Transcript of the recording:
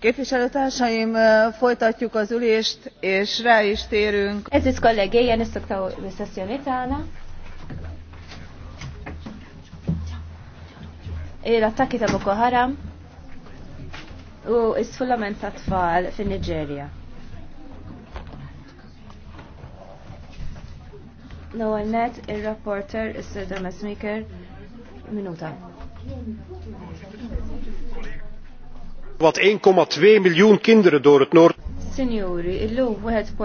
Képviselőtársaim, folytatjuk az ülést, és rá is térünk. Ez is kollégi, jen iszoktaw l-sessjoni tagħna. l-attakki ta' Boko Haram u s-sfullament fal tfal fin niġerja l net ir reporter, is-Sir Damas Maker minuta. Wat één twee miljoen kinderen door het Noord.